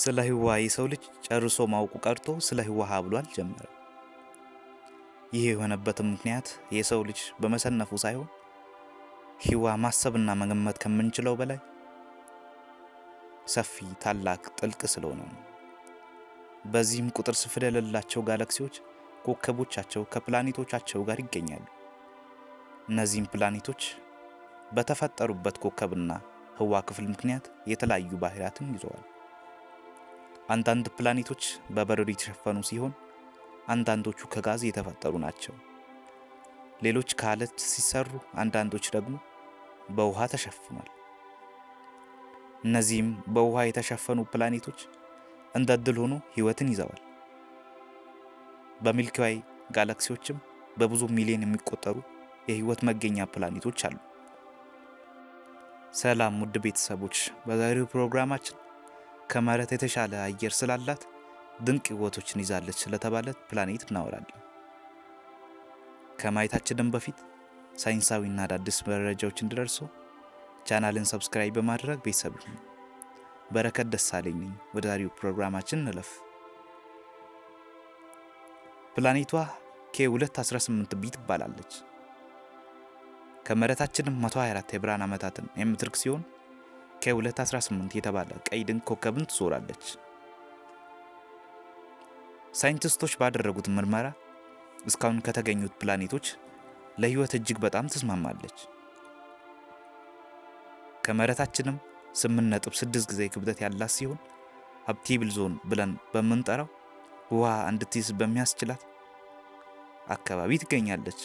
ስለ ህዋ የሰው ልጅ ጨርሶ ማውቁ ቀርቶ ስለ ህዋ ብሏል ጀመረ። ይህ የሆነበትም ምክንያት የሰው ልጅ በመሰነፉ ሳይሆን ህዋ ማሰብና መገመት ከምንችለው በላይ ሰፊ፣ ታላቅ፣ ጥልቅ ስለሆነ ነው። በዚህም ቁጥር ስፍር የሌላቸው ጋላክሲዎች ኮከቦቻቸው ከፕላኔቶቻቸው ጋር ይገኛሉ። እነዚህም ፕላኔቶች በተፈጠሩበት ኮከብና ህዋ ክፍል ምክንያት የተለያዩ ባህሪያትን ይዘዋል። አንዳንድ ፕላኔቶች በበረዶ የተሸፈኑ ሲሆን አንዳንዶቹ ከጋዝ የተፈጠሩ ናቸው። ሌሎች ከአለት ሲሰሩ፣ አንዳንዶች ደግሞ በውሃ ተሸፍኗል። እነዚህም በውሃ የተሸፈኑ ፕላኔቶች እንደ እድል ሆኖ ሕይወትን ይዘዋል። በሚልኪዋይ ጋላክሲዎችም በብዙ ሚሊዮን የሚቆጠሩ የህይወት መገኛ ፕላኔቶች አሉ። ሰላም ውድ ቤተሰቦች፣ በዛሬው ፕሮግራማችን ከመሬት የተሻለ አየር ስላላት ድንቅ ህይወቶችን ይዛለች ስለተባለ ፕላኔት እናወራለን። ከማየታችንም በፊት ሳይንሳዊና አዳዲስ መረጃዎች እንዲደርሱ ቻናልን ሰብስክራይብ በማድረግ ቤተሰብ በረከት ደሳለኝ ወደ ዛሬው ፕሮግራማችን እንለፍ። ፕላኔቷ ኬ218 ቢ ትባላለች። ከመሬታችንም 124 የብርሃን ዓመታትን የምትርቅ ሲሆን ከ218 የተባለ ቀይ ድንክ ኮከብን ትዞራለች። ሳይንቲስቶች ባደረጉት ምርመራ እስካሁን ከተገኙት ፕላኔቶች ለሕይወት እጅግ በጣም ትስማማለች። ከመሬታችንም 8.6 ጊዜ ክብደት ያላት ሲሆን ሀብቲብል ዞን ብለን በምንጠራው ውሃ እንድትይዝ በሚያስችላት አካባቢ ትገኛለች።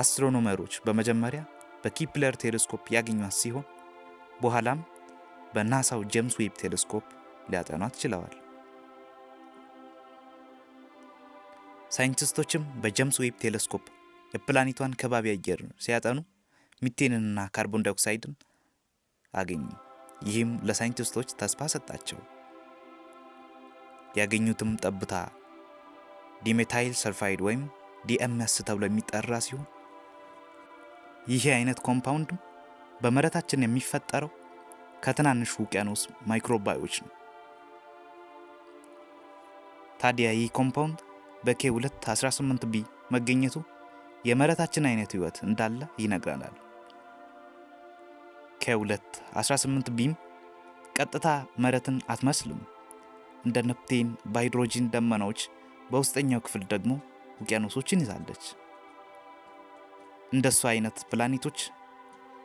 አስትሮኖመሮች በመጀመሪያ በኪፕለር ቴሌስኮፕ ያገኟት ሲሆን በኋላም በናሳው ጄምስ ዌብ ቴሌስኮፕ ሊያጠኗት ችለዋል። ሳይንቲስቶችም በጀምስ ዌብ ቴሌስኮፕ የፕላኔቷን ከባቢ አየር ሲያጠኑ ሚቴንንና ካርቦን ዳይኦክሳይድን አገኙ። ይህም ለሳይንቲስቶች ተስፋ ሰጣቸው። ያገኙትም ጠብታ ዲሜታይል ሰልፋይድ ወይም ዲኤምኤስ ተብሎ የሚጠራ ሲሆን ይሄ አይነት ኮምፓውንድ በመሬታችን የሚፈጠረው ከትናንሽ ውቅያኖስ ማይክሮባዮች ነው። ታዲያ ይህ ኮምፓውንድ በኬ 218 ቢ መገኘቱ የመሬታችን አይነት ህይወት እንዳለ ይነግረናል። ኬ 218 ቢም ቀጥታ መሬትን አትመስልም። እንደ ነፕቴን በሃይድሮጂን ደመናዎች፣ በውስጠኛው ክፍል ደግሞ ውቅያኖሶችን ይዛለች። እንደሱ አይነት ፕላኔቶች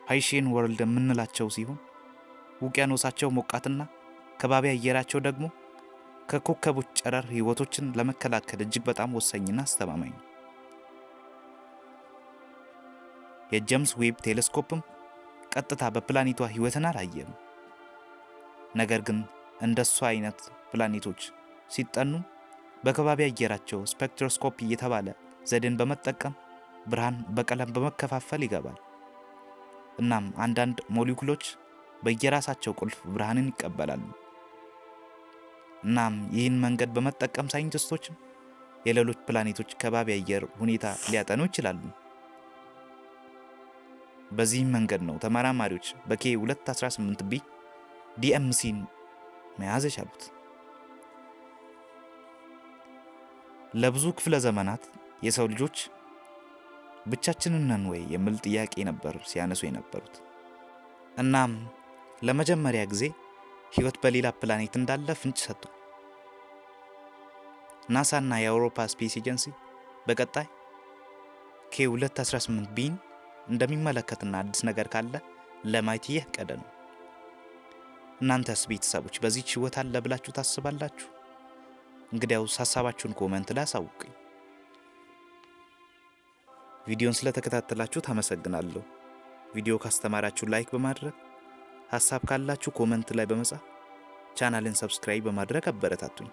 ሃይሼን ወርልድ የምንላቸው ሲሆን ውቅያኖሳቸው ሞቃትና ከባቢ አየራቸው ደግሞ ከኮከቦች ጨረር ህይወቶችን ለመከላከል እጅግ በጣም ወሳኝና አስተማማኝ ነው። የጀምስ ዌብ ቴሌስኮፕም ቀጥታ በፕላኔቷ ህይወትን አላየም። ነገር ግን እንደሷ አይነት ፕላኔቶች ሲጠኑ በከባቢ አየራቸው ስፔክትሮስኮፒ እየተባለ ዘዴን በመጠቀም ብርሃን በቀለም በመከፋፈል ይገባል። እናም አንዳንድ ሞሊኩሎች በየራሳቸው ቁልፍ ብርሃንን ይቀበላሉ። እናም ይህን መንገድ በመጠቀም ሳይንቲስቶችም የሌሎች ፕላኔቶች ከባቢ አየር ሁኔታ ሊያጠኑ ይችላሉ። በዚህም መንገድ ነው ተመራማሪዎች በኬ 218 ቢ ዲኤምሲን መያዝ የቻሉት። ለብዙ ክፍለ ዘመናት የሰው ልጆች ብቻችንን ነን ወይ የሚል ጥያቄ ነበር ሲያነሱ የነበሩት። እናም ለመጀመሪያ ጊዜ ሕይወት በሌላ ፕላኔት እንዳለ ፍንጭ ሰጡ። ናሳና የአውሮፓ ስፔስ ኤጀንሲ በቀጣይ ኬ218 ቢን እንደሚመለከትና አዲስ ነገር ካለ ለማየት ቀደ ነው። እናንተስ ቤተሰቦች በዚህች ህይወት አለ ብላችሁ ታስባላችሁ? እንግዲያውስ ሀሳባችሁን ኮመንት ላይ አሳውቁኝ። ቪዲዮን ስለተከታተላችሁ ታመሰግናለሁ። ቪዲዮ ካስተማራችሁ ላይክ በማድረግ ሀሳብ ካላችሁ ኮመንት ላይ በመጻፍ ቻናልን ሰብስክራይብ በማድረግ አበረታቱኝ።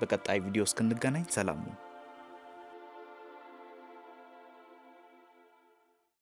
በቀጣይ ቪዲዮ እስክንገናኝ ሰላም ነው።